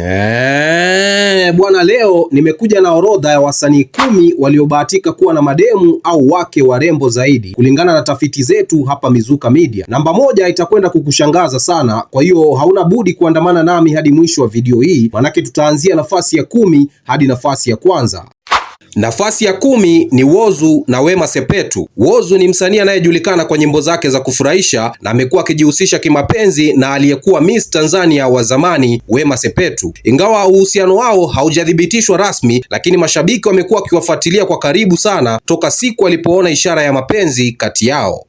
Eee, eh, bwana, leo nimekuja na orodha ya wasanii kumi waliobahatika kuwa na mademu au wake warembo zaidi kulingana na tafiti zetu hapa Mizuka Media. Namba moja itakwenda kukushangaza sana, kwa hiyo hauna budi kuandamana nami hadi mwisho wa video hii, manake tutaanzia nafasi ya kumi hadi nafasi ya kwanza. Nafasi ya kumi ni Whozu na Wema Sepetu. Whozu ni msanii anayejulikana kwa nyimbo zake za kufurahisha na amekuwa akijihusisha kimapenzi na aliyekuwa Miss Tanzania wa zamani Wema Sepetu. Ingawa uhusiano wao haujathibitishwa rasmi, lakini mashabiki wamekuwa wakiwafuatilia kwa karibu sana toka siku walipoona ishara ya mapenzi kati yao.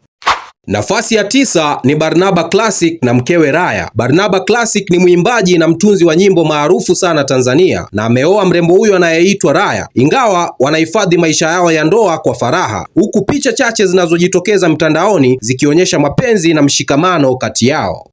Nafasi ya tisa ni Barnaba Classic na mkewe Raya. Barnaba Classic ni mwimbaji na mtunzi wa nyimbo maarufu sana Tanzania na ameoa mrembo huyo anayeitwa Raya, ingawa wanahifadhi maisha yao ya ndoa kwa faraha, huku picha chache zinazojitokeza mtandaoni zikionyesha mapenzi na mshikamano kati yao.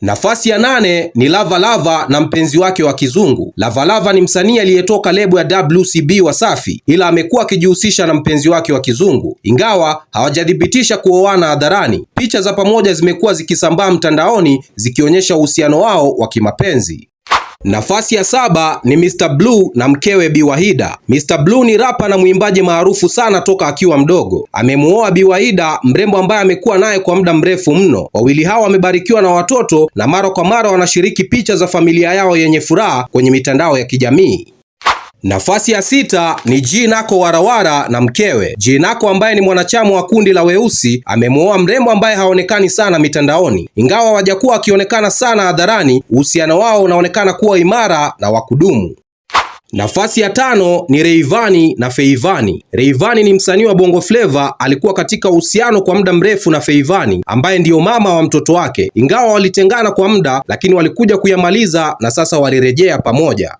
Nafasi ya nane ni Lava Lava na mpenzi wake wa kizungu. Lava Lava ni msanii aliyetoka lebo ya WCB Wasafi, ila amekuwa akijihusisha na mpenzi wake wa kizungu, ingawa hawajathibitisha kuoana hadharani. Picha za pamoja zimekuwa zikisambaa mtandaoni zikionyesha uhusiano wao wa kimapenzi. Nafasi ya saba ni Mr Blue na mkewe Bi Wahida. Mr Blue ni rapa na mwimbaji maarufu sana toka akiwa mdogo. Amemuoa Bi Wahida, mrembo ambaye amekuwa naye kwa muda mrefu mno. Wawili hao wamebarikiwa na watoto na mara kwa mara wanashiriki picha za familia yao yenye furaha kwenye mitandao ya kijamii. Nafasi ya sita ni Jinako Warawara na mkewe. Jinako ambaye ni mwanachama wa kundi la Weusi amemuoa mrembo ambaye haonekani sana mitandaoni, ingawa hawajakuwa wakionekana sana hadharani. Uhusiano wao unaonekana kuwa imara na wa kudumu. Nafasi ya tano ni Rayvanny na Feivani. Rayvanny ni msanii wa Bongo Flava, alikuwa katika uhusiano kwa muda mrefu na Feivani ambaye ndiyo mama wa mtoto wake. Ingawa walitengana kwa muda, lakini walikuja kuyamaliza na sasa walirejea pamoja.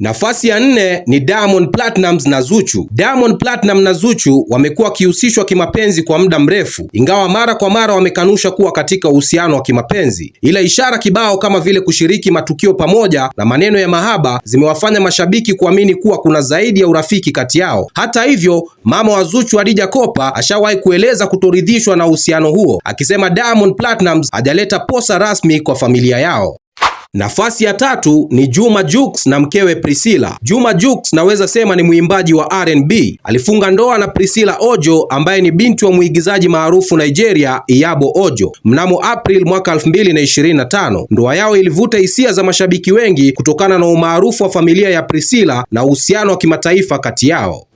Nafasi ya nne ni Diamond Platnumz na Zuchu. Diamond Platnumz na Zuchu wamekuwa wakihusishwa kimapenzi kwa muda mrefu, ingawa mara kwa mara wamekanusha kuwa katika uhusiano wa kimapenzi, ila ishara kibao kama vile kushiriki matukio pamoja na maneno ya mahaba zimewafanya mashabiki kuamini kuwa kuna zaidi ya urafiki kati yao. Hata hivyo, mama wa Zuchu Khadija Kopa ashawahi kueleza kutoridhishwa na uhusiano huo, akisema Diamond Platnumz hajaleta posa rasmi kwa familia yao. Nafasi ya tatu ni Juma Jux na mkewe Priscilla. Juma Jux naweza sema ni mwimbaji wa R&B. Alifunga ndoa na Priscilla Ojo ambaye ni binti wa mwigizaji maarufu Nigeria Iyabo Ojo mnamo April mwaka 2025. Ndoa yao ilivuta hisia za mashabiki wengi kutokana na umaarufu wa familia ya Priscilla na uhusiano wa kimataifa kati yao.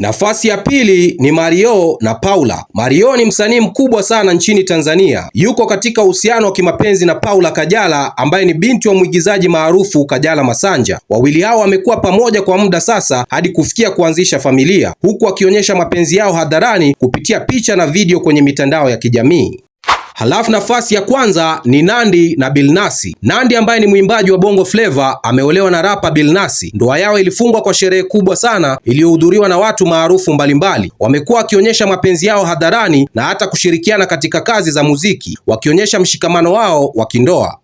Nafasi ya pili ni Mario na Paula. Mario ni msanii mkubwa sana nchini Tanzania, yuko katika uhusiano wa kimapenzi na Paula Kajala ambaye ni binti wa mwigizaji maarufu Kajala Masanja. Wawili hao wamekuwa pamoja kwa muda sasa hadi kufikia kuanzisha familia, huku akionyesha mapenzi yao hadharani kupitia picha na video kwenye mitandao ya kijamii. Halafu nafasi ya kwanza ni nandi na bilnasi nandi ambaye ni mwimbaji wa Bongo Flava ameolewa na rapa bilnasi Ndoa yao ilifungwa kwa sherehe kubwa sana iliyohudhuriwa na watu maarufu mbalimbali. Wamekuwa wakionyesha mapenzi yao hadharani na hata kushirikiana katika kazi za muziki, wakionyesha mshikamano wao wa kindoa.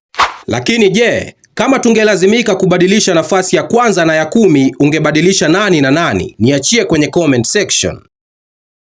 Lakini je, kama tungelazimika kubadilisha nafasi ya kwanza na ya kumi, ungebadilisha nani na nani? Niachie kwenye comment section.